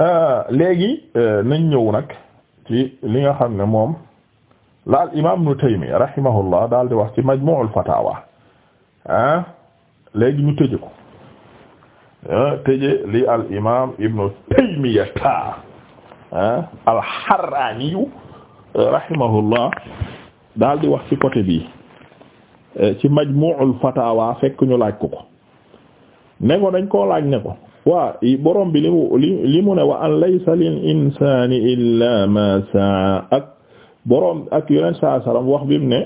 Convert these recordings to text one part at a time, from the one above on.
Euh, léegi euh, nañ ñëw nag ci li nga xam ne moom la al imaam Ibnu Taymiyya rahimahullah daal di wax ci Majmu'ul Fatawa ah léegi ñu tëje ko tëje li al imaam Ibnu Taymiyya ta ah al-Harrani rahimahullah daal di wax ci côté bi euh, ci Majmu'ul Fatawa fekk ñu laaj ko ko ne dañ koo laaj ne ko waa borom bi li mu li mu ne wa an laysa lil insani illa ma saa ak borom ak yonent saa salaam wax bi mu ne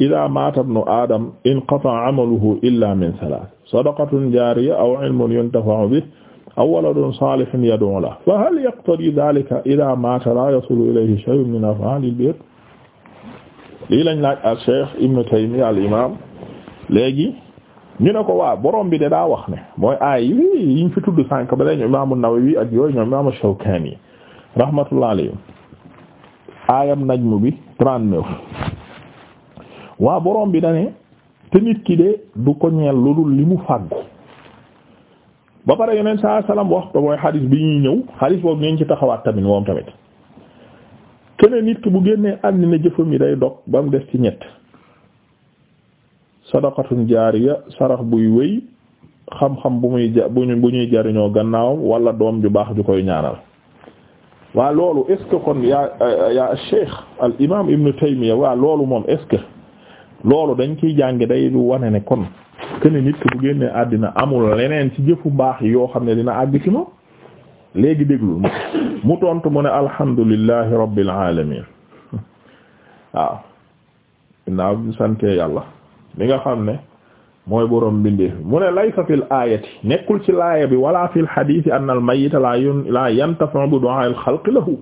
ida maata ibnu adam inqata amaluhu illa min salaas sadaqatun jaariya aw ilmun yuntafa'u bihi aw waladun salihun yad'u lahu fa hal yaqtadi dhalika ida maata la yasulu ilayhi shay'un min af'aalil birr lii lañ laaj al cheikh ibnu Taymiyya al imam léegi ñu ne ko waa borom bi de daa wax ne mooy aay yi yiñ fi tudd sànk ba lañu imaamu Nawawi ak yooyu ñoom imaamu Shawkaani rahmatullah alayhi aayam najmu bi trente-neuf waa borom bi dane te nit ki de du ko ñeel lu dul li mu fàggu ba pare yeneen saa salaam wax te mooy xadis bi ñuy ñëw xadis boobu ngeen ci taxawaat tamit moom tamit keneen nit ki bu génnee àddina jëfam yi day dog ba mu des ci ñett sadaqatun jaariya sarax buy wéy xam-xam bu muy ja bu ñuy jariñoo gannaawam wala doom ju baax ju koy ñaanal waa loolu est-ce kon yaa yaa al imam ibnu Taymiya waa loolu moom est-ce que loolu dañ ciy jànge day lu wane ne kon kene nit ki bu génnee àddina amul leneen ci jëfu baax yi yoo xam ne dina àgg ci moom léegi déglul mu tontu mu ne alhamdulillahi rabbil alamin waaw ginnaaw bi yàlla li nga xam ne mooy borom bindee mu ne laysa fil aayati nekkul ci laaya bi wala fil hadiisi anna al mayyita laa yun laa yantafi'u bi du'aa al xalqi lahu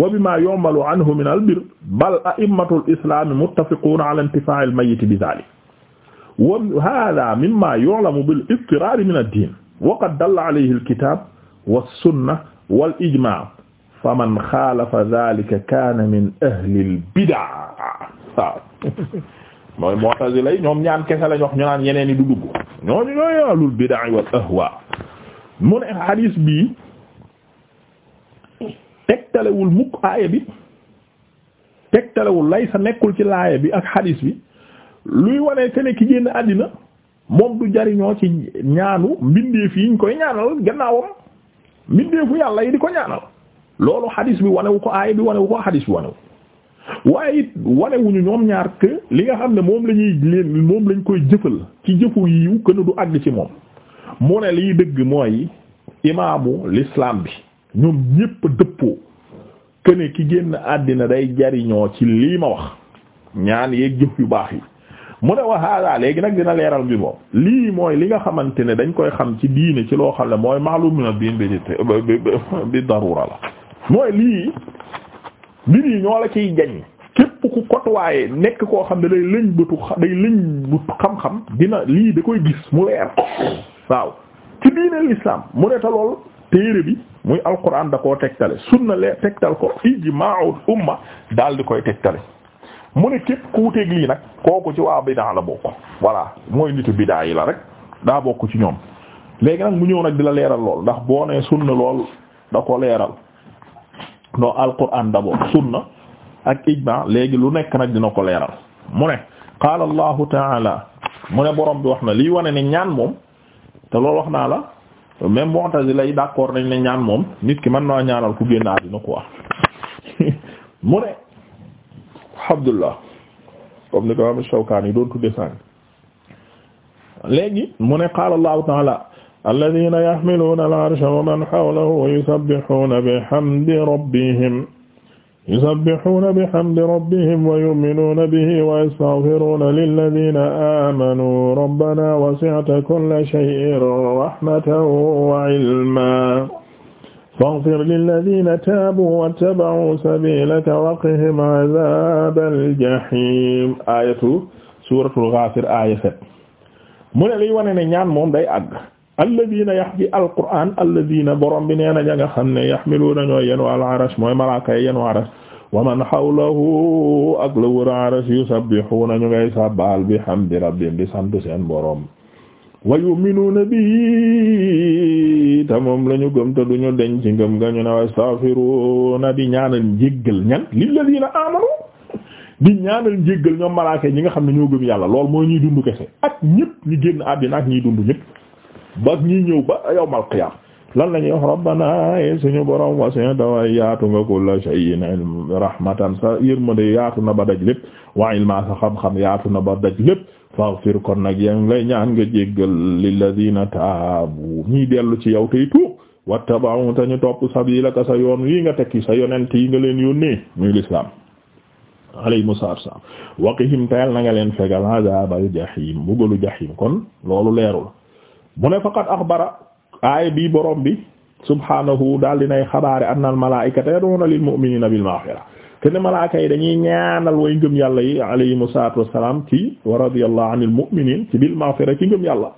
wa bimaa yu'malu anhu min al bir bal a'immatul islaami muttafiquuna ala intifaa'i al mayyiti bi zaalik wa haadaa mimmaa yu'lamu bil iqtiraari min ad-diin wa qad dalla alayhi al kitaab wa sunna wal ijmaa' faman xaalafa zaalika kaana min ahli al bid'a waaw mooy mu'tazila lay ñoom ñaan kese lañ wax ñu naan yeneen yi du dugg ñooñu ñooy ahlul bid'a wal ahwa mu ne hadis bii tegtalewul mukk aaya bi tegtalewul lay sa nekkul ci laaya bi ak hadis bi luy wane te ki génn àddina moom du jariñoo ci ñaanu mbindeef yi ñu koy ñaanal gannaawam mbindeefu yàlla yi di ko ñaanal loolu hadis bi wanewu ko aaya bi wanewu ko hadis bi wanewu waaye it wanewuñu ñoom ñaar que li nga xam ne moom lañuy ñuy leen moom lañ koy jëfal ci jëfu yiw que du àgg ci moom mu ne liy dëgg mooy imaamu lislaam bi ñoom ñépp dëppoo que ki génn àddina day jariñoo ci lii ma wax ñaan yeeg jëf yu baax yi mu ne waxaala léegi nag dina leeral bi moom lii mooy li nga xamante ne dañ koy xam ci diine ci loo xam ne mooy maalum na biin bi bi darura la mooy lii mbir yi ñoo la ciy jañ képp ku kotuwaaye nekk koo xam ne day lëñ bëtu day lëñ xam-xam dina lii da koy gis mu leer waaw ci diine l'islam mu ne te lool téere bi muy alquran da koo tegtale sunna lee tegtal ko ijma'ul umma daal di koy tegtale mu ne képp ku wuteeg lii nag kooku ci waa bidaa la bokk voilà mooy nitu bidaa la rek daa bokk ci ñoom léegi nag mu ñëw nag di la leeral lool ndax boo nee sunna lool da ko leeral no alquran d'abord sunna ak ijma léegi lu nekk nag dina ko leeral mu ne qaala allahu taala mu ne borom bi wax na lii wane ne ñaan moom te loolu wax naa la même mu'tazila yi d'accord nañ ne ñaan moom nit ki mën naa ñaanal ku génn àddina quoi mu ne alhamdulillah comme ni ko am Shawkaani doon tudde sàng léegi mu ne qaala allahu taala alladina yaxmiluuna alarsha wa man xawlahu yusabbixuuna bihamdi rabbihim yusabbixuuna bihamdi rabbihim wa yuminuuna bihi wa yastaxfiruuna lilladina aamanuu rabbana wasicta kulla shay'in raxmatan wa cilman faxfir lilladina taabuu wattabacuu sabiilaka waqihim cadaaba aljaxiim aayatu suuratul Gaafir aaya mu ne liy wane ne ñaan moom day àgg alladina yax bi alquran alladina borom bi nee na ña nga xam ne yaxmiluuna ñooy yenu al arash mooy malaaka yi yenu arash wa man hawlahu ak la wër arash yusabbihuna ñu ngay sabbal bi hamdi rabbihim di sant seen borom wa yu'minuuna bi te moom lañu ñu gëm te du ñu deñ ci ngëm nga ñu ne wastaghfiruuna di ñaanal njéggal ñan lilladina amanu di ñaanal njéggal ñoom malaaka yi ñi nga xam ne ñoo gëm yàlla lool mooy ñuy dund kese ak ñëpp ñu génn àddina ba ñi ñëw ba yawmal qiyaam lan la ñuy wax rabbana suñu borom wasi'ta wa yaatu nga kulla shay'in rahmatan sa yërmande yaatu na ba daj lépp wa ilma sa xam-xam yaatu na ba daj lépp faghfir kon nag yaa ngi lay ñaan nga jéggal lilladina taabu ñii dellu ci yow tey tuub wattaba'u tañu topp sabilaka sa yoon wii nga tekki sa yonent yi nga leen yónnee muy lislaam alayhimu salaam waqihim tayal na nga leen fegal azabal jahim bugalu jahim kon loolu leerul mu ne faqad axbara aaya bi borom bi subhaanahu daal dinay xabaare anna al malaa'ikata yad'uuna lil mu'miniina bil maghfira kenn malaaka yi dañuy ñaanal way ngëm yàlla yi alayhimu salaatu wassalaam ci wa radiyallahu anil mu'miniin ci bil maghfira ci ngëm yàlla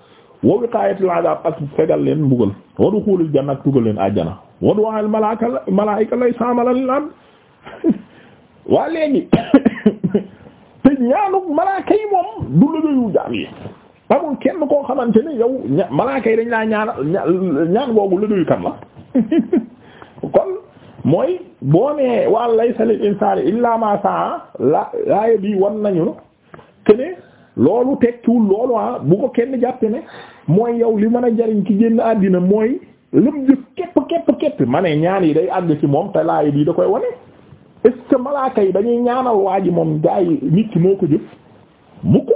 wa wiqaayatil adaab ak fegal leen mbugal wa duxuulil janna ak tugal leen àjjana wa du'aa'il malaaka lay saamalan lil am waa léegi te ñaanu malaaka yi moom du lëgëyu jaam yi amul kenn koo xamante ne yow ña malaaka yi dañ laa ñaanal ñaan boobu liggéeyu kan la kon mooy boo nee wa laysa lil insaani illaa maa saa la laaya bi wan nañu que loolu tekkiwul loolu ah bu ko kenn jàppe ne mooy yow li mën a jariñ ki génn àddina mooy lëm jëf képp képp képp ma ne ñaan yi day àgg ci moom te laaya bi da koy wane est malaaka yi dañuy ñaanal waa ji moom gaa yi moo ko jëf mu ko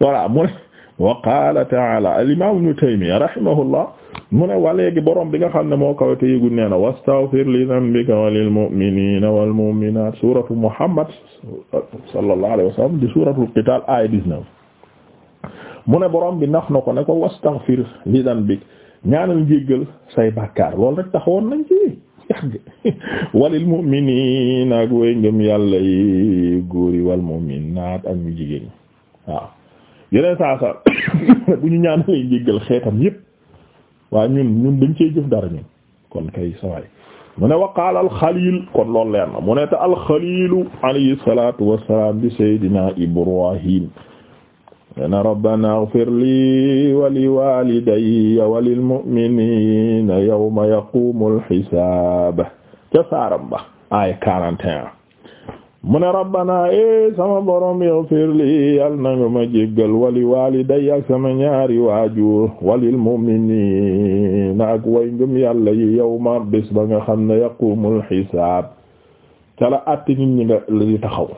voilà mu ne wa qaala borom bi nga xam ne moo kawate yëgul nee na wastaghfir li dhanbika wa lil mu'minina wal mu'minat suratu Muhammad sallallahu alayhi wa sallam di suratul qital aya 19 borom bi nax na ko ne ko wastaghfir li dhanbika ñaanal jéggal say bàkkaar loolu rek taxawoon nañ ci yàgg yàlla yi góor yi wal mu'minat ak ñu yeneen saa saa bu ñu ñaanalee njéggal xeetam yépp waaye ñun ñun dañ cee jëf dara ñun kon kay sawaay mu ne waqaal alxalil kon loolu leer mu ne te alxalilu alayhi salatu wassalam bi saydina ibrahim ena rabbana ighfir li wa li walidayya wa lil mu'minina yawma yaqumul hisab ca saaram ba ay mu ne rabbana e sama borom yaghfir li yal na nga ma jéggal wali waliday ak sama ñaari waajur walil mu'minina ak way ngëm yàlla yi yawma bés ba nga xam ne yaqumul xisaab cala àtte nit ñi nga li taxaw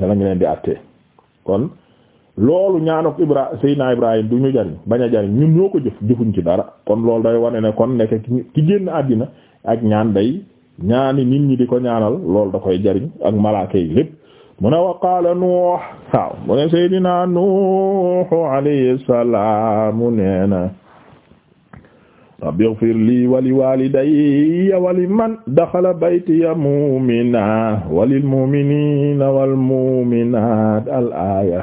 dala ngi leen di àtte kon loolu ñaanuk ibra Seydina Ibrahim du ñu jariñ bañ a jariñ ñun ñoo ko jëf jëfuñ ci dara kon loolu day wane ne kon nekk ki génn àddina ak ñaan day ñaani nit ñi di ko ñaanal loolu da koy jariñ ak malaaka yi lépp mu ne wa qaala Nuux waaw mu ne Seydina Nuux alayhi salaamu rabbi ighfir lii wa li waalidayya wa liman daxala baytiya mu'mina wa lil al aaya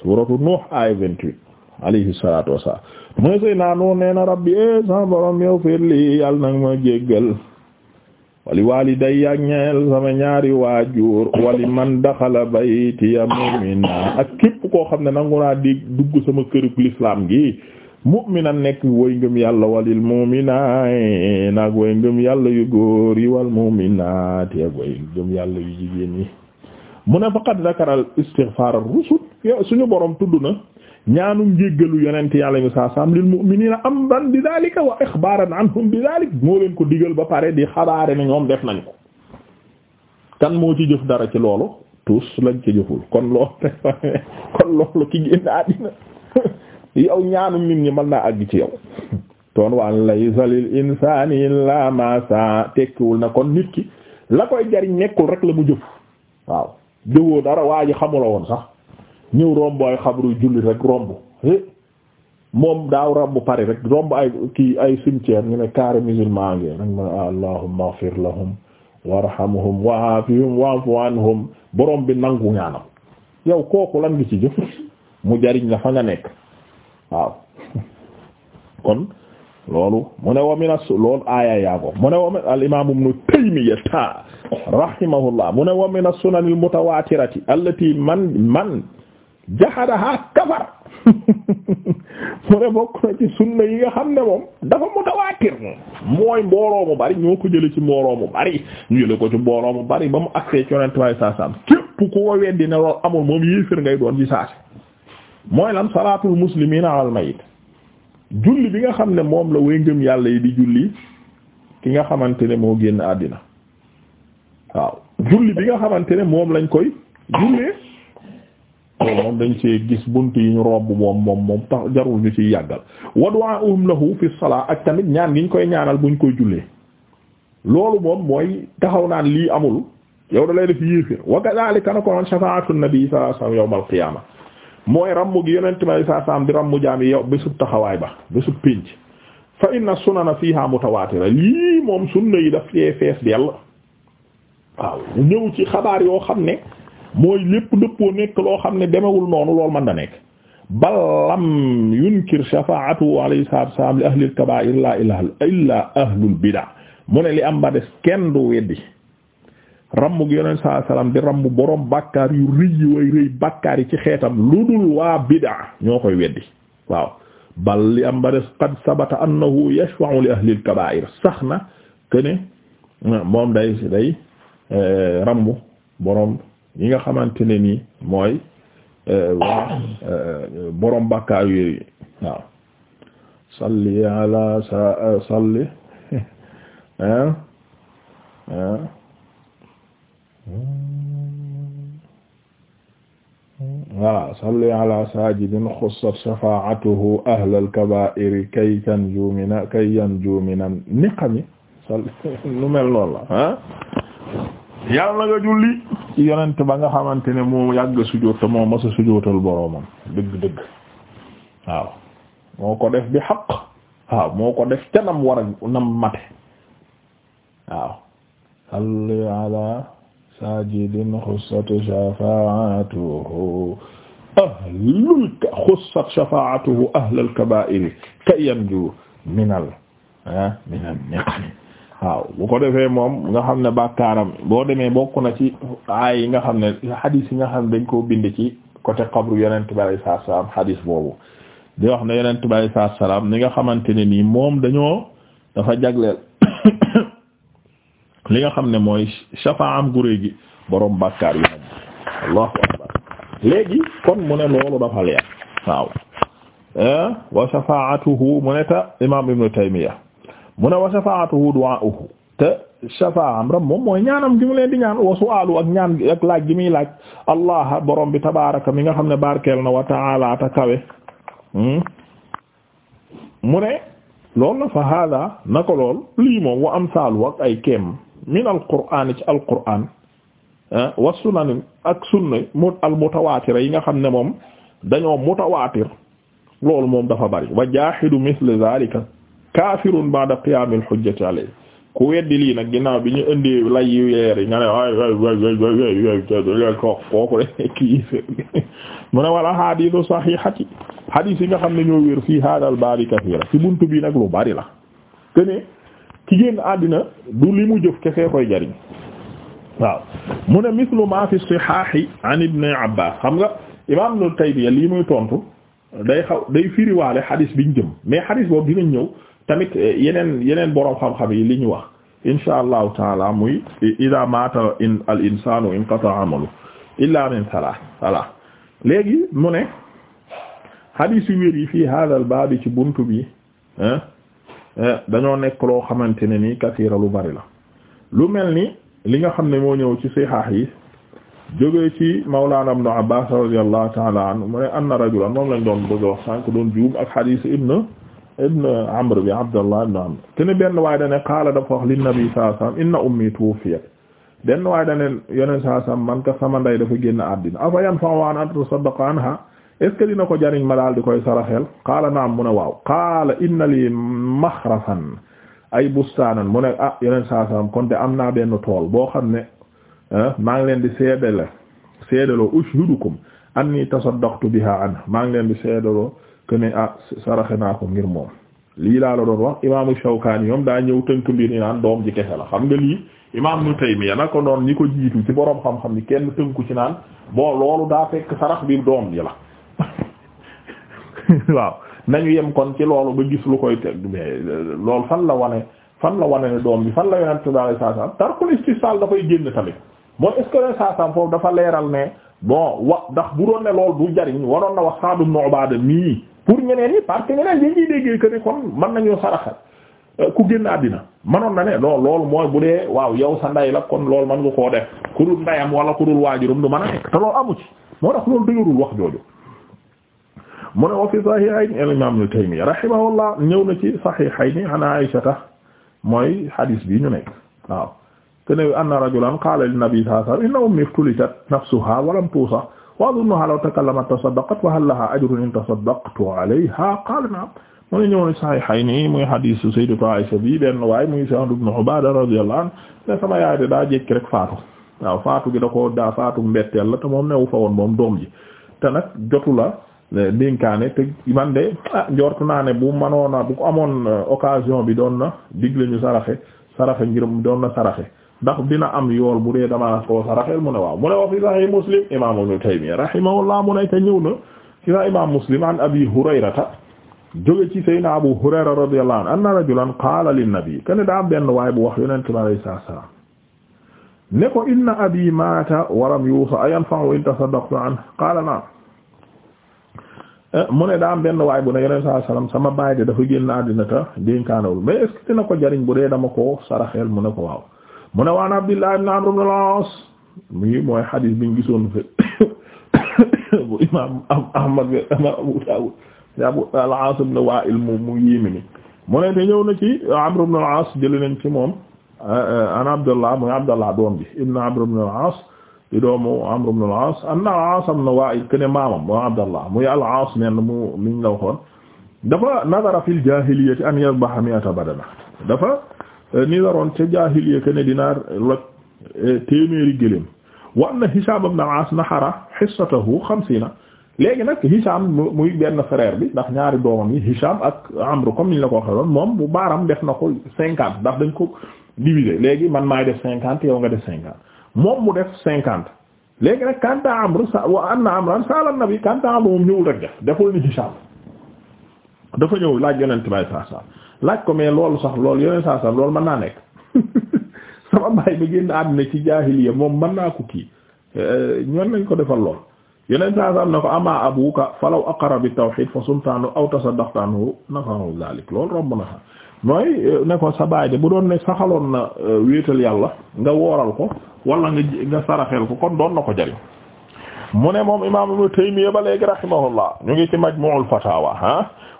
suuratu Nuux aaya 28 alayhi salaatu mu ne Seydina Nuux nee rabbi e eh, sa borom nag ma jéggal wali walidayya ñeel sama ñaari waajur wali man daxala baytiya mu'mina ak képp koo xam ne nangu naa di dugg sama kërub l'islam gi mu'mina nekk woy ngëm yàlla walil mu'minaa naag woy ngëm yàlla yu góor yi wal mu'minaati ak woy ngëm yàlla yu jigéen yi mu ne faqad zakara al istighfar ar-rusul suñu borom tudd na ñaanum jéggalu yonent yàlla bi saa saam lil mu'minina amran bi daalika wa ixbaaran anhum bi daalik moo leen ko digal ba pare di xabaare na ñoom def nañ ko kan moo ci jëf dara ci loolu tous lañ ci jëful kon loolu kon loolu ki génn àddina yow ñaanum nit ñi man naa àgg ci yow toon wa an laysa lil insaani illaa maa tekkiwul na kon nit ki la koy jariñ nekkul rek la mu jëf waaw jëfoo dara waa ji xamula woon sax ñëw romb ay xabru julli rek romb eh? moom daaw romb pare rek romb ay kii ay cimetière ñu ne carré musulman ngi rek ma ne allahumma wa afihum anhum borom bi nangu ñaanam yow kooku lan ngi ci mu jariñ la fa nga nekk waaw kon loolu mu ne wamina su loolu aaya yaago mu ne wamin al imam ibn Taymiyyah rahimahullah mu ne wamina sunanil mutawatirati allati man man jahadaha kafar mu ne bokk na ci sunna yi nga xam ne moom dafa mutawaatir mooy mbooloo mu bari ñoo ko jële ci mbooloo mu bari ñu jële ko ci mbooloo mu bari ba mu agsee ci yonent waaye saasaam képp ku ko weddi ne loolu amul moom yéeféer ngay doon ci saasi mooy lan salaatul muslimiina alal mayit julli bi nga xam ne moom la way ngëm yàlla yi di julli ki nga xamante ne moo génn àddina waaw julli bi nga xamante ne moom lañ koy jullee loolu moom dañ see gis bunt yi ñu romb moom moom moom tax jarul ñu ciy yàggal wa du'aa'uhum lahu fi salaa ak tamit ñaan gi ñu koy ñaanal buñ koy jullee loolu moom mooy taxaw naan lii amul yow da lay def yéeféer wa kadhalika na ko noon shafaa'atu nabi sallallahu alayhi wasallam yawmal qiyaama mooy rammu gi yonent may saa saam di rammu jaam yi yow taxawaay ba bésub pénc fa inna sunana fiha mutawaatira lii moom sunna yi daf fee fees dell waaw ñëw ci xabaar yoo xam ne mooy lépp dëppoo nekk loo xam ne demewul noonu loolu man da nekk bal lam yunkir shafaa'atu alayhi salaatu wassalaam li ahlil kabaa'ir laa ilaa illaa ahlul mu ne li am ba des kenn du weddi ramb gi yoneen saa salaam di ramb borom bàkkaar yu rëy yi way rëy bàkkaar yi ci xeetam lu dul waa bidaa ñoo koy weddi waaw bal li am ba des qad sabata annahu yashfa'u li ahlil kabaa'ir sax na këne moom day day eh, ramb borom yi nga xamante ne nii mooy euh, waa euh, borom bàkkaar yooyu waaw salli ala sa euh, salli hein hein voilà salli ala sajidin xussat shafaatuhu ahlal kabairi kay tanju mina kay yanju minan niqami salli lu mel noonu la yàlla nga julli ci yonent ba nga xamante ne moo yàgg sujóot te moo masa sujootal boroomam dëgg-dëgg waaw moo ko def bi xaq waaw moo ko def ca nam war a nam mate waaw salli ala sajidin xussat shafaatuhu ahlul xussat shafaatuhu ahlal kabaa'iri ka yanju minal ah, minal niqami waaw bu ko defee moom nga xam ne bàkkaaram boo demee bokk na ci aay yi nga xam ne hadith yi nga xam ne ko koo bind ci côté xabru yonent bi alayhi salaatu salaam hadith boobu di wax ne yonent bi alayhi salaam ni nga xamante ne nii moom dañoo dafa jagleel li nga xam ne mooy shafaam guré gi borom bàkkaar yi nag allahu akbar léegi kon mu ne loolu dafa leer waaw eh, wa shafaatuhu mu ne ta imam ibnu taymiya mu ne wa shafaatuhu du'aa'uhu te shafaam ram moom mooy ñaanam gi mu leen di ñaan wa su'aalu ak ñaan ak laaj gi muy laaj allah borom bi tabaaraka mi nga xam ne barkeel na wa ta'ala ta kawe hmm? mu ne loolu la fa hada na ko lool lii moom wa amsaalu ak eh, ak sunna al mutawaatira yi nga xam ne moom dañoo mutawaatir loolu moom dafa bari wa jaahidu misle zalika kaafirun ba'da qiyaamil hujjati alayhi ku weddi lii nag ginnaaw bi ñu indi lay yu yeer yi nga ne waay waay waay waay ko kooku de kii mu ne wala hadithu sahihati hadith yi nga xam ne ñoo wér fii hadal baabi kathira ci buntu bi nag lu bari la te ne ki génn àddina du li mu jëf kese koy jariñ waaw mu ne mislu ma fi sihahi an ibn abbas xam nga imam nu Taymiyya lii muy tontu day xaw day firiwaale hadith biñ jëm mais hadith tamit eh, yeneen yeneen borom xam-xam yi li ñu wax insha allahu taala muy ida mata in al insanu inqata amalu illa min thalath voilà léegi mu ne hadith yu wér yi fii hadha al ci bunt bi eh, dañoo nekk loo xamante ne nii kasiira lu bari la lu mel ni li nga xam ne moo ñëw ci sihah yi jogee ci mawlana ibn abbas radiyallahu taala anhu mu ne anna rajulan moom lañ doon bëgg wax sànk doon ak hadith ibn ibn amr bi abdallah ibn amr kene benn waaye dane qaala dafa wax li nabi inna ummi tuwfiyat benn waaye dane yoneen man ka sama dafa génn àddina afa yanfa'u an atasaddaqa anha est ce que dina ko jariñ ma daal di koy saraxel qaala naam mu a waaw qaala inna li maxrafan ay bustaanan mu ne ah yoneen kon de am naa benn tool boo xam ne ah, maa ngi leen di seedale seedaloo anni tasaddaqtu biha anha maa ngi leen di seedaloo ne ah saraxe naa ko ngir moom lii laa la doon wax imaamu Shawkaani ñoom daa ñëw tënk mbir ni naan doom ji kese la xam nga lii imaam Ibnu Taymiyya na ko noon ñi ko jiitu ci boroom xam-xam ni kenn tënku ci naan bon loolu daa fekk sarax bi doom ji la waaw nañu yem kon ci loolu ba gis lu koy teg mais euh, fan la wane fan la wane ne doom bi fan la yonent bi alayhi salaam tarkul istihsaal dafay génn tamit mooy est-ce foofu dafa leeral ne boo wa ndax bu doon ne loolu jariñ waroon na wax Sa'd ibn mii pour ñeneen ñi parce que ñeneen ñi ngi déggee que ne kon mën nañoo saraxal euh, ku génn àddina manoon na ne non loolu mooy bu dee waaw yow sa nday la kon loolu mën nga koo def ku dul ndayam wala ku dul waajurum du mën a nekk te loolu amu ci moo tax loolu dëgërul wax jooju mu ne wa fi sahihayn al imam ñëw na ci sahihayn an Aisha tax mooy hadis bi ñu nekk waaw te ne anna rajulan qala lin nabi sallallahu alayhi wa sallam inna ummi iftulitat nafsuha wa lam tusa wa adunnahaa law takallamat tasaddaqat wa hal lahaa ajrun in tasaddaqtu alayhaa qaala na'am mu ne ñëw na Sahihayni muy hadiisu Sayyidatu Aysa bi benn waay muy Sa'd ibn Ubaada radiyallahu anhu ne sama yaay de daa jékki rek faatu waaw faatu gi ko daa faatu mbetteel la te moom newu fa woon moom doom ji te nag jotu la eh, dénkaane te man de ah njortu naa ne bu manoona bu ko amoon eh, occasion bi doon na digle ñu saraxe saraxe ngir doon na saraxe ndax dina am yool bu dee dama ko saraxel mu ne waaw mu ne wa fi sahih muslim imam ibn taymiyyah rahimahullah mu ne te ñëw na ci sa muslim an abi hurayrata jóge ci sayna abu hurayra radiyallahu anhu anna rajulan qaala linnabi kene daa benn waay bu wax yonent bi alayhi salaam ne ko inna abi maata walam yuusa ayan fa'u in tasaddaqtu anhu qaala na eh, mu ne daa am benn waay bu ne yonent saa salaam sama baay de dafa génn àddina ta dénkaanawul mais mu ne waan Abdullah ibn Amr ibn al-As mi mooy xadiis biñ gisoon fi bu imaam Abu Dawud al-As ibn Wa'il mu mu yéeme mu ne te ñëw na ci Amr ibn al-As ci moom an Abdullah muy Abdullah doom bi ibn Amr ibn al-As di doomu Amr ibn al-As anna al kene maamam moo Abdullah muy al-As nen mu liñ la waxoon dafa nadara fil jaahiliyyati an yadhbaha mi'ata badana Euh, ni laroon ca jaahiliya ne dinaar loj euh, téeméeri gëléem wa anna Hisaam ibn al-Aas nahara hissatahu xamsiina léegi nag mu muy benn frère bi ndax ñaari doomam yi Hisaam ak Amru comme niñ la ko waxee woon moom mu baaram def na ko cinquante ndax dañ ko diviser léegi man maay def cinquante yow nga def cinquante moom mu def cinquante léegi nag kanta Amru sa wa na Amran sa'ala an-nabi kanta Amru moom ñëwul rek def deful ni Hisaam dafa ñëw laaj yonent laaj ko mais loolu sax loolu yeneen saa sax loolu mën naa nekk sama baay bi génn àddina ci jaahiliya moom mën naa ko kii eh, ñoon nañ ko defal lool yeneen saa sax ne ko ama abuka falaw aqara bi tawhid fa sumtaanu aw tasaddaqtaanu nafahu zalik loolu romb na sax mooy eh, ne sa baay de bu doon ne saxaloon na eh, wéetal yàlla nga wooral ko wala nga nga saraxel ko kon doon na ko jariñ mu ne moom imaam Ibnu Taymiyya ba léegi rahimahullah ñu ngi ci Majmu'ul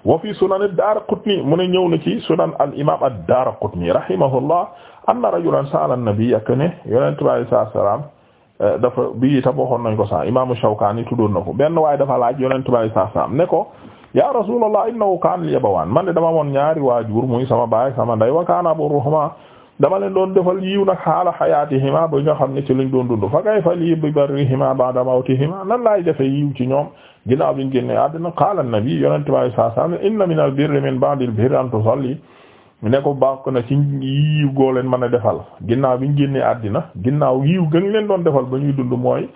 wa fi sunan ad-Daraqutni mu ne ñëw na ci sunan al-imam ad-Daraqutni rahimahullah anna rajulan sa'ala an-nabiyya ne yonent bi alayhi salaam eh, dafa bi itam waxoon nañ ko sa imam Shawkani tuddoon na ko benn waaye dafa laaj yonent bi alayhi salaam ne ko ya rasulullah innahu kaana li-abawaan man dama amoon ñaari waajur muy sama baay sama ndey wa kaana abuhumaa dama leen doon defal yiw nag xaala xayaatihima ba nga xam ne ci lañ doon dund fa kayfa lii bi barrihima ba'da mawtihima nan laay defe yiw ci ñoom ginnaaw biñ génne àddina qaala an-nabi yonente bi saa saa inna min al-birri min ba'di al-birri an tusalli ne ko baax na ci yiw goo leen mën a defal ginnaaw biñ génnee addina ginnaaw yiw gën leen doon defal ba ñuy dund mooy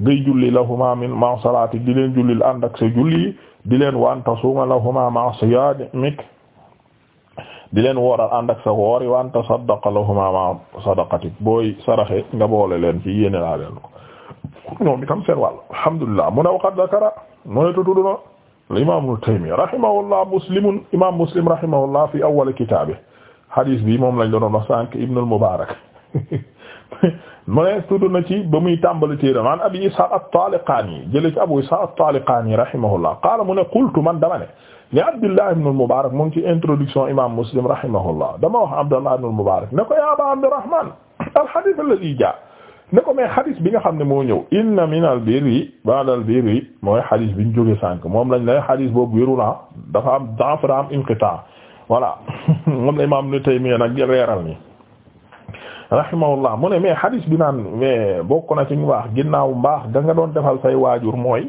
ngay julli lahuma min ma salaati di leen jullil ànd ak sa julli di leen wa an tasuma lahuma ma siyaamik di leen wooral ànd ak sa want yi wanta saddaqa lahuma ma sadaqatik booy saraxe nga boole leen ci yéene laa leen ko ñoom itam seen wàll alhamdulillah mu ne waqad zakara mu ne tudd na al imam ibn Taymiyya rahimahullah muslimun imam muslim rahimahullah fi awwal kitaabe hadis bi moom lañ doon wax sànq ibn al-Mubarak mu ne tudd na ci ba muy tàmbali téeram an abi Ishaq at-Taliqani jële ci abu Ishaq at-Taliqani rahimahullah qaala mu ne qultu man dama ne Abdullah ibn al-Mubarak mu ngi ci introduction imam Muslim rahimahullah dama wax Abdullah ibn al-Mubarak ne ko ya Aba Abdurrahman al-hadith ne ko mais hadith bi nga xam ne moo ñëw inna min al-birri ba'da al-birri mooy hadith bi ñu jóge sànk moom lañ lay hadith boobu wéru na ah dafa am dafara am inqita voilà moom la imam Ibn Taymiyya nag leeral ni rahimahullah mu ne mais hadith bi naan mais bokk na ci ñu baax ginnaaw mbaax da nga doon defal say waajur mooy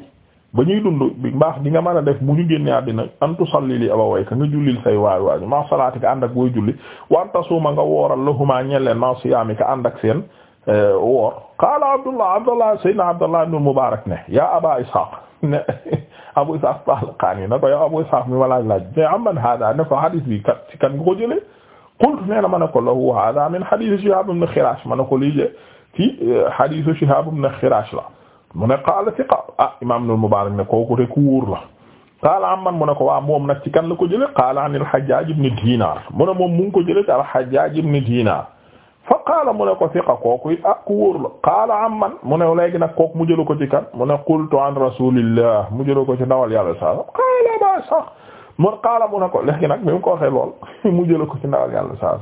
ba ñuy dund bi mbaax di nga mën a def bu ñu génnee àddina an tusalli li abawayka nga jullil say waay waay ma salaatika ànd ak booy julli wa an tasuma nga wooral lahuma ñeel leen ma siyaamika ànd ak seen eh, woor qaala abdullah abdullah sayyidina abdullah ibn mubarak ne ya aba ishaq ne abu ishaq talqaani na ko yow abu ishaq mi walaaj laaj mais amman hada ne ko hadis bi kat ci kan nga ko jëlee qultu nee ne ko lahu hada min hadith shihab ibn khirash eh, la mu ne qaala a ah imaam Ibnul Mubaarak ne kooku de ku wóor la qaala amman mu ne ko waa moom nak ci kan la ko jële qaala an al-Hajjaaj ibn Diinaar mu ne moom mu ngi ko jële ci al-Hajjaaj ibn Diinaar fa qaala mu ne ko thiqa kooku it ah ku wóor la qaala amman mu ne léegi nag kooku mu jële ko ci kan mu ne qultu an Rasuulillah mu jële ko ci nawal Yàlla sa qaala ba sax mu qaala ne ko léegi nag bi mu ko waxee lool mu jële ko ci ndawal Yàlla sa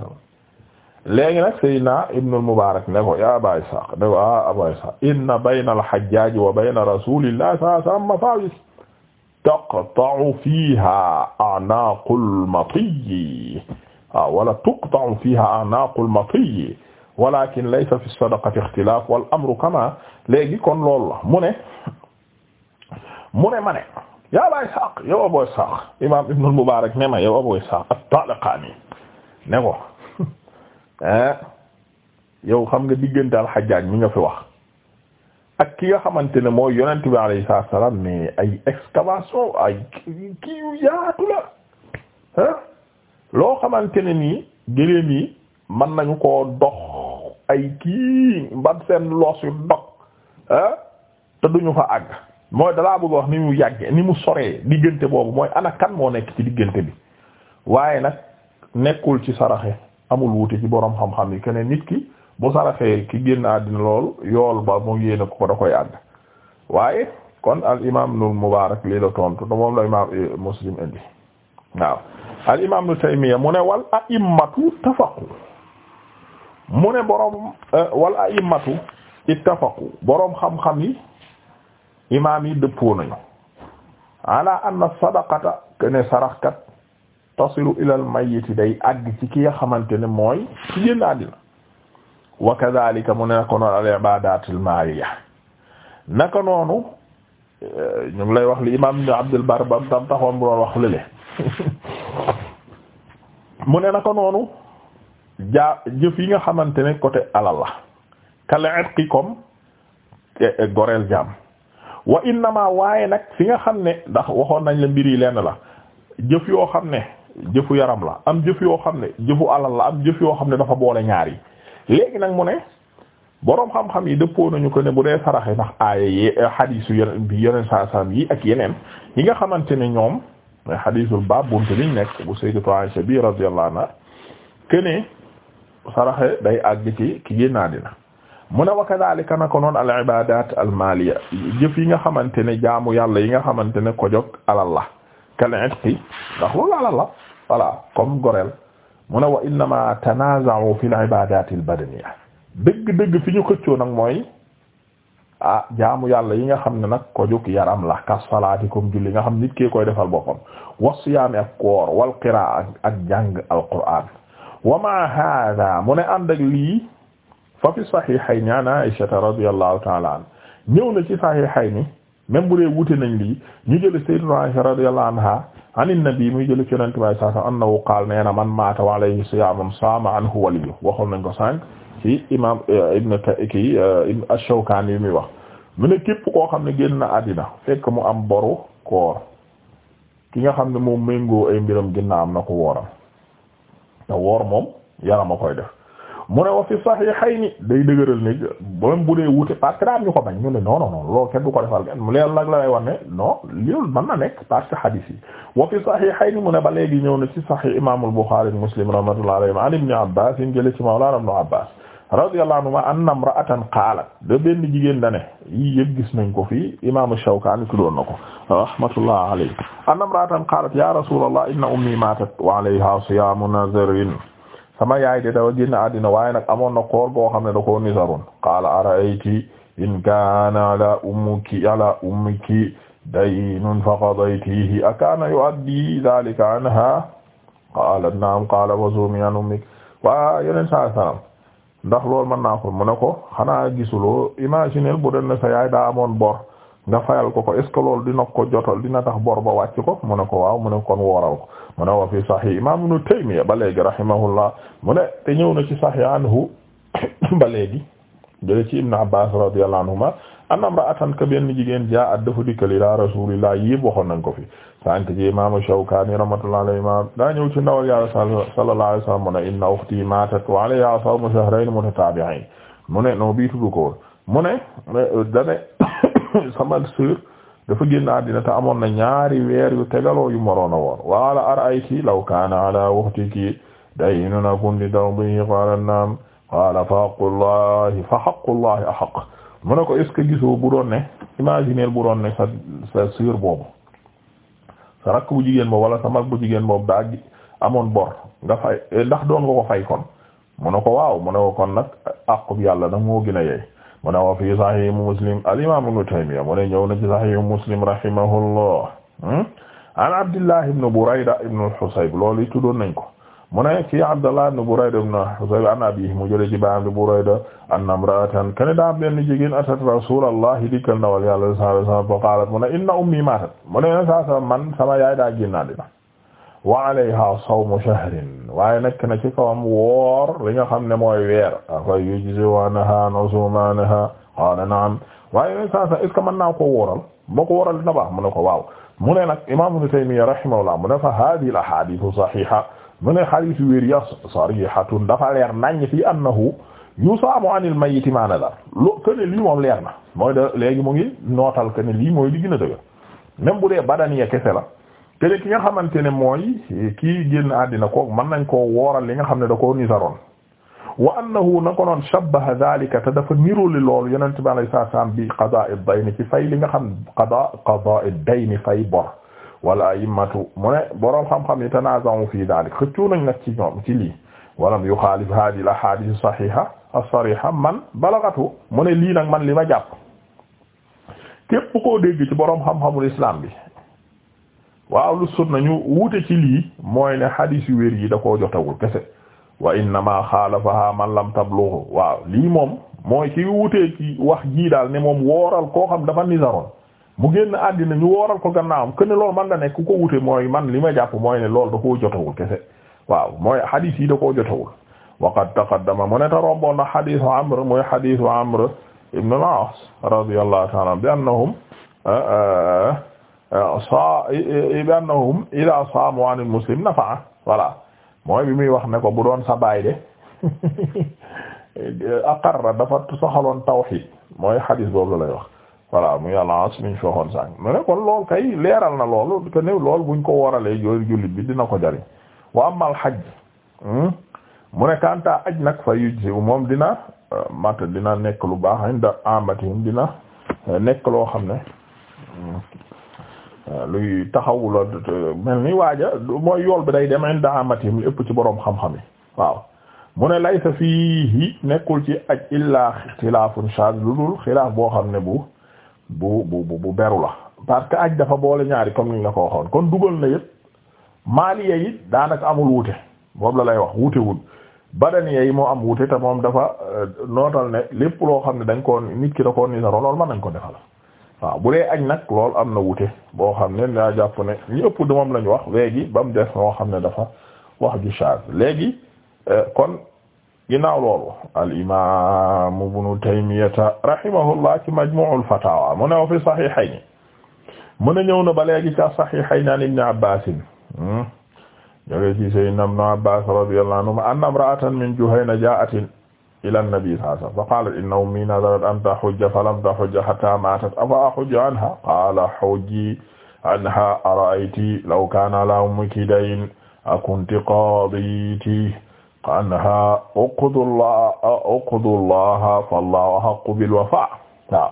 léegi nag Seydina Ibnul Mubaarak ne ko ya Aba Ishaq ne ko a ah, Aba Ishaq inna bayna al-Hajjaaj wa bayna rasuulillaahi sallallaahu alayhi wa sallam mafaawis taqta'u fiihaa a'naaqul matiyyi ah, wala tuqta'u fiihaa a'naaqul matiyyi walaakin laysa fi sadaqati ixtilaaf wal amru kamaa léegi kon loolu la mu ne mu ne ma ne ya Aba Ishaq yow Abu Ishaq imaam Ibnul Mubaarak ne ma yow Abu Ishaq at-Talaqaani ne ko Eh? yow xam nga diggante alxajaaj mi nga fi wax ak ki nga xamante ne mooy yonent bi alayhi salaatu wa salaam mais ay excavation ay kii yu yaatu la eh? loo xamante ne nii gëléem yi mën nañu koo dox ay kii mban seen loos yu dox eh? te duñu fa àgg mooy dalaa bëgg wax ni mu yàgge ni mu soree diggante boobu mooy ana kan moo nekk ci diggante bi waaye nag nekkul ci saraxe amul wuute ci borom xam-xam yi keneen nit ki bu saraxee ki génn àddina lool yool ba mu yéene ko da koy àgg waaye kon al imaam Ibnul Mubaarak lii la tontu te moom la imaam eh, Muslim indi waaw al imaam Ibnu Taymiyya mu ne wal a'immatu ittafaqu mu ne borom eh, wal a'immatu ittafaqu borom xam-xam yi imaam yi dëppoo nañu ala anna sadaqata kene saraxkat tasilu ilal mayyiti day àgg ci ki nga xamante ne mooy ci génn àddina wa kadhalika mu ne ko noonu al ibadatul naka noonu euh, ñu ngi lay wax li imam ibn Abdul Barr ba tam taxoon bu doon wax lële mu ne naka noonu jaa jëf yi nga xamante ne côté alal la kale etqi comme eh, eh, goreel jaam wa innama waaye nag fi nga xam ne ndax waxoon nañ la mbir yi lenn la jëf yoo xam ne jëfu yaram la am jëf yoo xam ne jëfu alal la am jëf yoo xam ne dafa boole ñaari léegi nag mu ne boroom xam-xam yi dëppoo nañu ko ne bu dee saraxe ndax aaya yi eh, xadiisu yeneen saa saam yi ak yeneen yi nga xamante ne ñoom mais xadiisul baab buntu nekk bu sayyidatu Aisha bi radiyallahu anha kene saraxe day àgg ki génnaa dina mu ne wa ka na ko noon al ibadat al maliya jëf yi nga xamante ne jaamu yàlla yi nga xamante ne ko jog alal la alal la voilà comme gorel mu ne wa innama tanaza'u fil fi ñu nag mooy ah jaamu yàlla yi nga xam ne nag ko jóg yaram la kas salaati comme julli nga xam nit kee koy defal boppam wa siyaami ak koor wal qiraa ak jàng al qur'an wa ma hada mu ne ànd fa fi sahihayn an aishata radiyallahu ta'ala na ci anha an nabi muy jële ci yonente may saa sax annahu qaal nee na man maata wa alayhi siyaamun saama anhu waliyu waxoon nañ ko sànq ci imam eh, ibn kii eh, ash-Shawkaani yi muy wax mu ne képp koo xam ne génn na àddina fekk mu am boru koor ki nga xam ne moom méngoo ay mbiram ginnaaw am na ko wooram te woor moom yaram koy def mu ne wa fi sahihayni day dëgëral ni même bu dee wute parce que daa am ñu ko bañ ñu ne non non non loolu kenn du ko defal kenn leelu nag la lay wan ne non loolu mën na nekk parce que hadith yi wa fi sahihayni mu ne ba léegi ñëw na ci sahih imamul Bukhari Muslim rahmatullahi alayhim an ibn Abbas yi jële ci mawlana ibn Abbas radiyallahu anhuma anna imra'atan qaalat da benn jigéen dane yii yëpp gis nañ ko fii imaamu Shawkaani tuddoon na ko rahmatullahi alayhi anna imra'atan qaalat ya rasulallah inna ummi maatat wa alayha sama yaay de dafa génn àddina waaye nag amoon na koor boo xam ne da koo nisaroon qaala ara'ayti in kaana ala ummuki ala ummiki daynun faqadaytihi akaana yu'addi dhalika anha qaala na'am qaala fasumi an ummik waa yeneen saa salaam ndax loolu mën naa ko mu ne ko xanaa gisuloo imaginer bu ne sa yaay daa amoon bor nga fayal ko ko est ce que loolu dina ko jotal dina tax bor ba wàcc ko mu ne ko waaw mu ne kon wooral ko mu ne wa fi sahih imam Ibn Taymiyya ba léegi rahimahullah mu ne te ñëw na ci sahih anhu ba léegi jële ci Ibn Abbas radiyallahu ma anam ra atan ka benn jigéen jaa at dafa dikkal ila rasulillah yëpp waxoon nañ ko fi sànq ji imam Shawkani rahmatullahi alayhi ma daa ñëw ci ndawal yàlla sallallahu alayhi wa sallam mu ne inna ukhti matat wa alayha sawmu mu ne noo bii ko woon mu ne sama sœur dafa génn àddina te amoon na ñaari weer yu tegaloo yu moroona woon wala arayti law kaana ala ukhtiki daynun akunti taqdihi qaala naam qaala fa haqqullahi fa haqqullahi ahaq mu ko est-ce bu doon ne imaginer bu doon ne sa sa boobu sa rakk bu jigéen boobu wala sa mag bu jigéen boobu daa amoon bor nga fay eh, ndax doon nga ko fay kon mu ko waaw mu ko kon nag yàlla nag moo gën a yey mu ne wa fi sahih muslim al imam ibn Taymiyya mu ne ñëw na ci sahih muslim rahimahullah hmm? an Abdullah ibn Burayda ibn al-Husayb loolu yi tuddoon nañ ko mu ne ci Abdullah ibn Burayda ibn al-Husayb an abihi mu jële ci baam bi Burayda anna imra'atan kana daa benn jigéen atat Rasulullah dikkal ndawal yàlla sallallahu alayhi wa sallam fa qaalat mu ne inna ummi maatat mu ne saa sa man sama yaay daa génn àddina wa alayha sawmu shahrin waaye nekk na ci kawam woor li nga xam ne mooy weer afa yujzi wanaha nosumanaha qaala naam waaye yooyu saa saa est-ce que mën naa ko wooral moo ko wooral dina baax mu ne ko waaw mu ne nag imam Ibn Taymiyya rahimahullah mu ne fa hadihi al ahadithu sahiha mu ne hadith wér ya sarihatun dafa leer nañ fi annahu yusaamu anil mayyiti ma nadar lo que ne lii moom leer na mooy da léegi mu ngi nootal que ne lii mooy li gën bu dee badaniya kese la te ki nga xamante ne mooy kii génn àddina ko mën nañ koo wooral li nga xam ne da koo nisaroon wa annahu na ko noon shabbaha dhalika te dafa niroli loolu yonent bi alayhi salaam bi qada'i ad-dayn ci fay li nga xam qada qada'i ad-dayn fay bor wala immatu mu ne boroom xam-xam yi tanaza'u fi dhalik xëccoo nañ nag ci ñoom ci lii walam yuxaalif hadhihi al-ahadith as-sahiha as-sariha man balagatu mu lii nag man li ma jàpp képp koo dégg ci borom xam-xamul islam bi waaw lu sunna ñu wute ci lii mooy ne xadiis yu wér yi da koo jotawul kese wa innama xaalafaha man lam tablughu waaw lii moom mooy ci wutee ci wax jii daal ne moom wooral koo xam dafa nisaroon mu génn àddina ñu wooral ko gannaawam que ne loolu man da nekk ko wute mooy man li ma jàpp mooy ne loolu da koo jotawul kese waaw mooy xadiis yi da koo jotawul wa qad taqaddama mu ne ta romboon na xadiisu Amr mooy xadiisu Amr ibn al-As radiyallahu ta'ala anhum ah, ah, sa ibannahum ila saamu anil muslim nafa voilà mooy bi muy wax ne ko bu doon sa baay de aqarra dafa soxaloon tawhid mooy xadiis boobu la lay wax voilà muy alance miñ fooxoon sàng mu ne kon lool kay leeral na loolu te ne lool buñ ko waralee jooy jullit bi dina ko jariñ wa amal xaj hmm? mu ne kanta aj nag fa yujsi moom dina uh, matt dina nekk lu baax inda amatihim dina uh, nekk loo xam ne hmm, luy taxawu la mel ni waaja mooy yool bi day dem inda amatim lu ëpp ci boroom xam-xam yi waaw mu ne lay fii fiihi nekkul ci aj illaa ixtilaafun shaaz lu dul xilaaf boo xam ne bu bu bu bu beru la parce que aj dafa boole ñaari comme ni ñu la ko waxoon kon dugal na yëpp maaliya yi daanaka amul wute boobu la lay wax wute wul badaniya yi moo am wute te moom dafa euh, nootal ne lépp loo xam ne dañ koo nit ki da koo nisaroon loolu mën nañ ko defal waaw bu dee añ nag lool am na wute boo xam ne daa jàpp ne ñu ëpp moom lañ wax léegi ba mu def moo xam ne dafa wax ju shaaz léegi euh, kon ginnaaw loolu al imam ibnu taymiyata rahimahullah ci majmu'ul fatawa mu ne wa fi sahihayni mu ne ñëw na ba léegi ca sahihayni an ibni abbasin hmm, jëlee ci sayyidina ibnu abbas radiyallahu anhu anna imra'atan min juhayna ja'at ila annabi sallallahu alayhi wa sallam fa qalat innahu ummi nadarat an tahujja falam tahujja hatta matat afa ahujju anha qala hujji anha ara'ayti law kana ala ummiki dayn akunti qaditi anha uqdullaha uqdullaha fallahu ahaqqu bil wafa waaw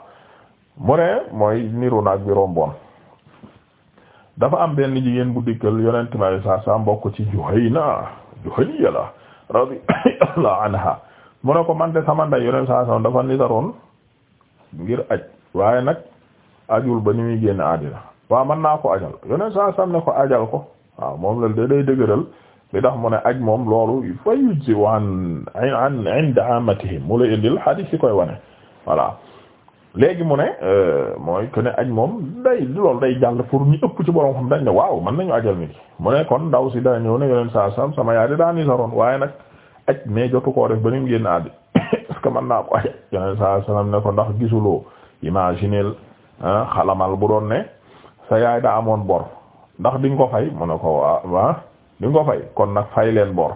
mu ne mooy niru naag bi rombon dafa am benn jigéen bu dikkal yonent mi sallallahu alayhi wa sallam bokk ci Juhayna Juhayna la radiyallahu anha mu ne ko man de sama nday yoneen saa salam dafa nisaroon ngir aj waaye nag ajul ba ni muy génn àddina waaw mën naa ko ajal yoneen sa salam ne ko ajal ko waaw moom la da day dëgëral li tax mu ne aj moom loolu fa yujzi waan an inde amatihim mu la indil hadith yi koy wane voilà léegi mu ne euh, mooy que ne aj moom day loolu day jàll pour ñu ëpp ci borom xam dañ ne waaw mën nañu ajal nit mu ne kon ndaw si daa ñëw ne yoneen saa salam sama yaay di daa nisaroon waaye nag aj mais jotu ko def ba ni génn àddi est que mën naa ko aj yeneen saa salaam ne ko ndax gisuloo imagineel xalamal bu doon ne sa yaay daa amoon bor ndax di ko fay mu ne ko ah, ah, ko fay kon nag fay leen bor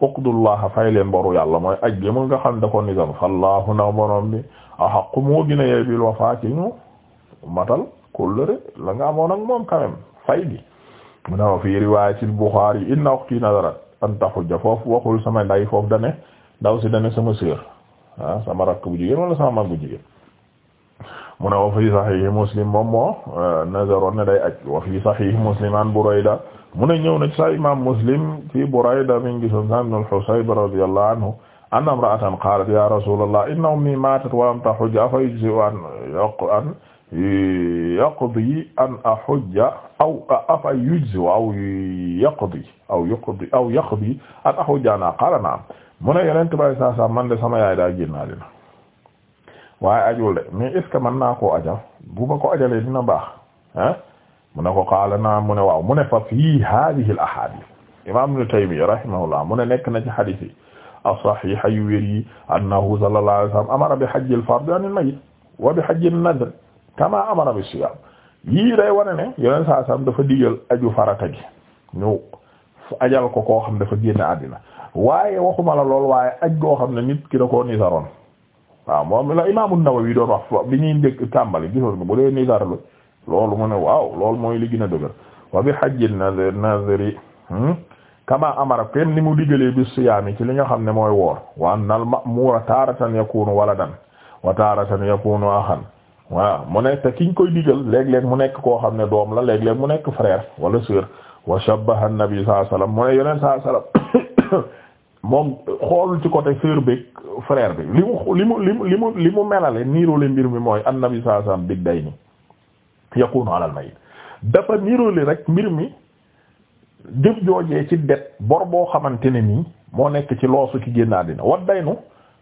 uqdullaha fay leen boru yàlla mooy aj gi nga xam da ko nisam fallaahu na borom bi a xaqu moo gën a yey bil wafa ñu matal kóllëre la nga amoon ak moom quand fay bi mu ne wa fii riwaayatil Buxaari inna ukhti nadarat antaxujja foofu waxul sama nday foofu dane ndaw si dane sama sœur ah sama rakk bu jigéen wala sama mag jigéen mu ne fi saxiix muslim moom moo euh, nazaroon ne fi saxiix muslim an Burayda mu ne na sa imaam muslim fi Burayda min gisoon sa ibn al-Husayb radiyallahu anhu qaalat ya rasulallah inna ummi maatat wa lam tahujj afa yujzi'u an yaqdi an ahujja aw afa yujzi aw yaqdi aw yaqdi aw yaqdi an ahujja ana qala naam mu ne yeneen tubaab saa saa man de sama yaay daa génnaale na waaye ajul de mais est ce que mën naa koo ajal bu ma ko ajalee dina baax ah mu ne ko qaala naam mu ne waaw mu ne fa fii haadihi al ahadith imaam Ibn Taymiyya rahimahullah mu ne nekk na ci hadith yi as-sahih yu wér yi annahu sallallahu alayhi wa sallam amara bi hajjil fard anil mayyit wa bi hajjin nadr kama amara bi siyaam yii day wane ne yeneen saa saam dafa digal aju farata gi ñu ajal ko koo xam dafa génn àddina waaye waxuma la lool waaye aj goo xam ne nit ki da koo nisaroon waaw moom la Imaam An-Nawawi doon wax ñuy njëkk tàmbali gisoon bu dee nisar la loolu mu ne waaw loolu mooy li gën a dëgër wa bi hajji nazir naziri hmm? kama amara kenn ni mu digalee bi siyaami ci li nga xam ne mooy woor wa annal ma'muura taaratan yakuunu waladan wa taaratan yakuunu axan waaw mu ne te ki ñu koy digal léeg-léeg mu nekk koo xam ne doom la léeg-léeg mu nekk frère wala sœur wa shabbaha an-nabi sallallahu alayhi wasallam mu ne yoneen sallallahu alayhi wasallam moom xoolul ci côté sœur bi frère bi li mu li mu li mu li mu li mu melale niiroole mbir mi mooy an-nabi sallallahu alayhi wasallam big day ni yakunu ala al dafa niiroole rek mbir mi jëf joojee ci det bor boo xamante ne nii moo nekk ci loosu ci génn àddina wat nu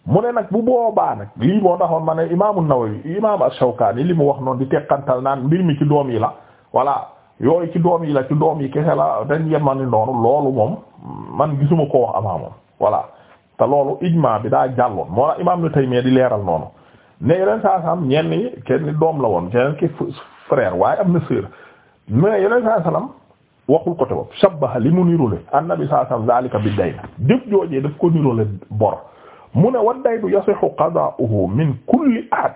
mu ne nag bu boobaa nag lii moo taxoon ma ne imaamu Nawawi imaamu Shawkaani li mu wax noonu di teqantal naan mbir mi ci doom yi la voilà yooyu ci doom yi la ci doom yi kese la dañ yemma ni noonu loolu moom man gisuma koo wax amaa moom voilà te loolu ijmaa bi daa jàlloon moo la imaam nu Taymiyya di leeral noonu ne yeneen saa salaam ñenn ñi kenn doom la woon kenn ki frère waaye am na sœur mais yeneen saa salaam waxul ko boobu shabbaha li mu nirule annabi saa salaam bi day na jëf joojee daf ko nirule bor mu ne wa daydu yasixu qadaa'uhu min kulli ahad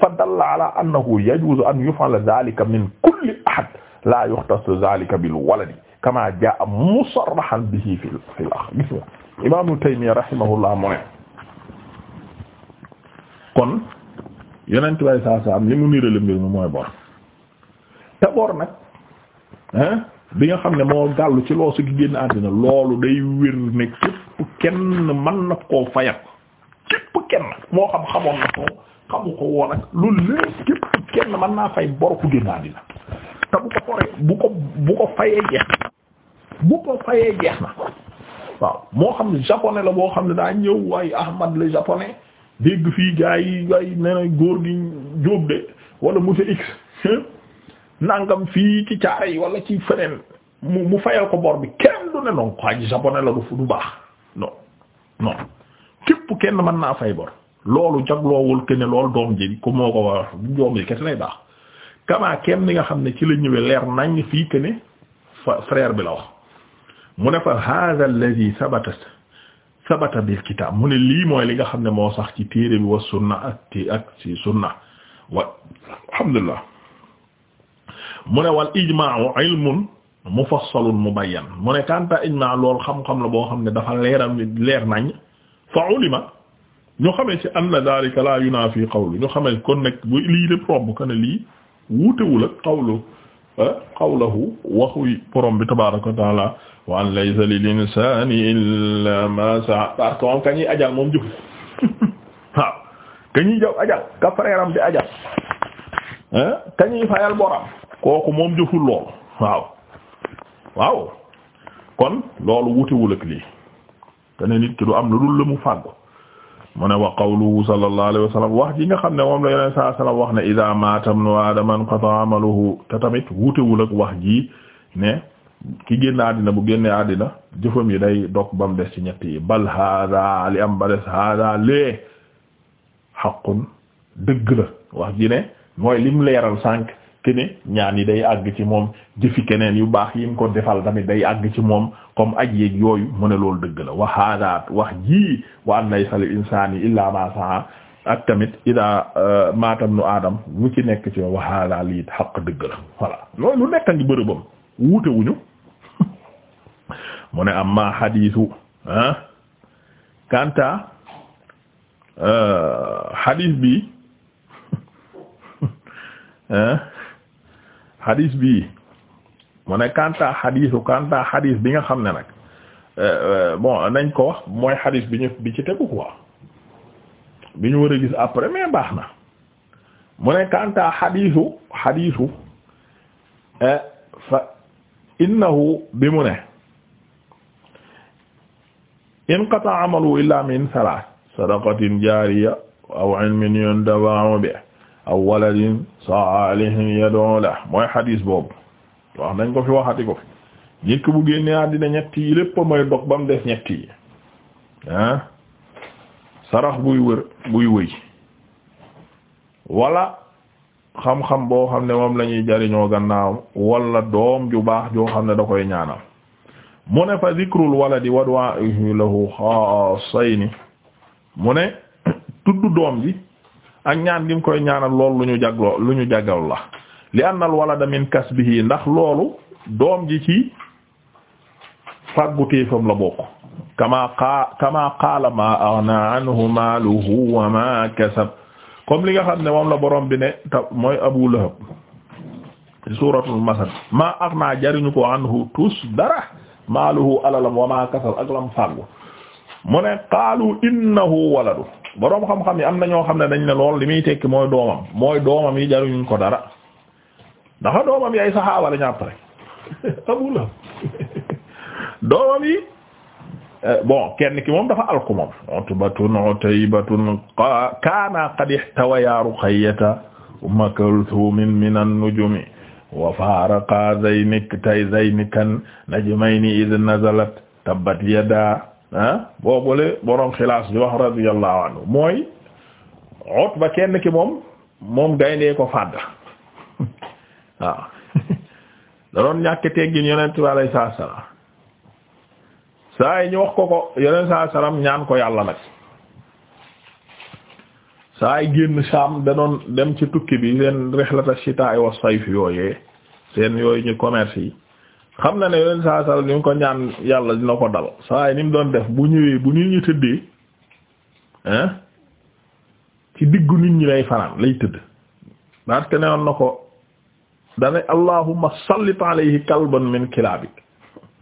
fa dalla ala annahu yajuuzu an yuf'ala zaalika min kulli ahad laa yuxtassu zaalika bil waladi kamaa jaa'a musarrahan bihi fil fil axar gis nga Imaam Taymiyya rahimahullah mu ne kon Yonent bi saa saa am li mu niirale mbir mi mooy bor te bor nag ah. bi nga xam ne moo gàllu ci loosu gi génn àddina loolu day wér ne képp kenn mën na koo fayat képp kenn moo xam xamoon na ko xamu ko woon ak loolu lépp képp kenn mën naa fay bor ku génn àddina te bu ko fayee jeex bu ko fayee jeex na waaw moo xam ne japonais la boo xam ne daa ñëw waaye Ahmad le japonais dégg fii gars waaye nee góor gi jóob de wala monsieur X nangam fii ki caare yi wala ci feneen mu mu fayal ko bor bi kenn du ne non quoi ji la du du baax non non képp kenn mën naa fay bor loolu jagloowul que ne loolu doom ji ko moo ko war yi ji kese lay baax kamaa kenn li nga xam ne ci la ñëwee leer nañ fii que ne fa bi la wax mu ne fa hadha alladhi thabata sabata bil kitaab mu ne lii mooy li nga xam ne moo sax ci téere bi wa sunna ak ci ak ci sunna wa alhamdulillah mu ne wal ijma'u ilmun mufassalun mubayyan mu ne kanta ijma' lool xam-xam la boo xam ne dafa leeram leer nañ fa ulima ñu xamee ci anna dhalika la yunafi qawlu ñu xamee kon nag bu lii de prob que ne lii wuutewul ak qawlu ah, qawlahu waxu borom bi tabaraka wa taala wa an laysa lil insani illa ma sa'a parce que moom ka ñuy ajal moom jëfu waaw ka ñuy jaw ajal ka frère am bi ajal ah, ka ñuy fayal boram kooku moom jëful lool waaw waaw kon loolu wutewul ak lii te ne nit ki du am lu dul la mu fàggu mu ne wa qawluhu sallallahu alayhi wa sallam wax ji nga xam ne moom la yeneen saa sallam wax ne idaa maata nu aadama inqata'a amaluhu te tamit wutewul ak wax ji ne ki génn àddina bu génne àddina jëfam yi day dog ba mu des ci ñett yi bal hada li am ba des hada lee xaqun dëgg la wax ji ne mooy lim leeral sànk kene ñaan yi day àgg ci moom jëfi keneen yu baax yi mu ko defal tamit day àgg ci moom comme aj yeeg yooyu mu ne loolu dëgg la wa hada wax ji wa an laysa lil insani illa ma sa'a ak tamit ida euh, maatam nu aadam mu ci nekk ci wa hada lii xaq dëgg la voilà loolu lu nekk ngi bërëbam wuute mu ne amma xadiisu ah kanta xadiis euh, bi xadis bi mu ne kanta xadisu bi nga xam ne nag euh, euh, bon nañ ko wax mooy xadis bi ñu bi ci tegu quoi bi ñu war gis après mais baax na mu ne kanta xadisu xadisu euh, fa bi mu ne inqata amalu illa min salas sadaqatin jariya aw ilmin yuntafa bi aw waladin salihin yad'u lahu mooy xadis boobu wax nañ ko fi waxati ko fi nit ki bu génnee àddina ñetti yi lépp mooy dog ba mu des ñetti yi sarax buy wër buy wëy wala xam-xam boo xam ne moom lañuy ñuy jariñoo gannaaw wala doom ju baax joo xam ne da koy ñaanam mu ne fa zikrul waladi wa du'aahu lahu xaasayni mu ne tudd doom ji ak ñaan gi mu koy ñaanal lool lu ñu jagloo lu ñu jagaw la li annal walada min kasbihi ndax loolu doom ji ci fàggu téefam la bokk kama qa kama qaala ma aghna anhu wa ma kasab comme li nga xam ne moom la borom bi ne ta mooy abu lahab suuratul masad ma aghna jariñu ko anhu tus dara maaluhu alalam wa ma kasab ak lam fàggu mu ne qaalu innahu waladu boroom xam-xam yi am na ñoo xam ne dañ ne lool li muy tekki mooy doomam mooy doomam yi jaruñu ko dara ndaxa doomam yi ay saxaaba lañu après Abu Lahab doomam yi eh, bon kenn ki moom dafa alku moom Utbatun Utaybatun kaana qad ihtawa ya Ruqayyata Umma Kulthumin min an-nujumi wa faraqa zayn tayn kan najmayni idh nazalat tabbat yada ah boobule borom xilaas bi wax radiyallahu anhu mooy ba kenn ki moom moom gayndee ko fàdd waaw da doon ñàkk teggin yonent bi alayhi salaam saa yi ñu wax ko ko yonent saa salaam ñaan ko yàlla nag saa yi génn Saam da dem ci tukki bi seen rihlata shitaa'i wa sayf yooyee seen yooyu ñu commerce yi xam na ne yoneen saa sara li mu ko ñaan yàlla dina ko dal saa yi ni doon def bu ñëwee bu nit ñi tëddee hein ci diggu nit ñi lay fanaan lay tëdd parce que ne woon na ko dana allahumma sallit alayhi kalban min kilaabik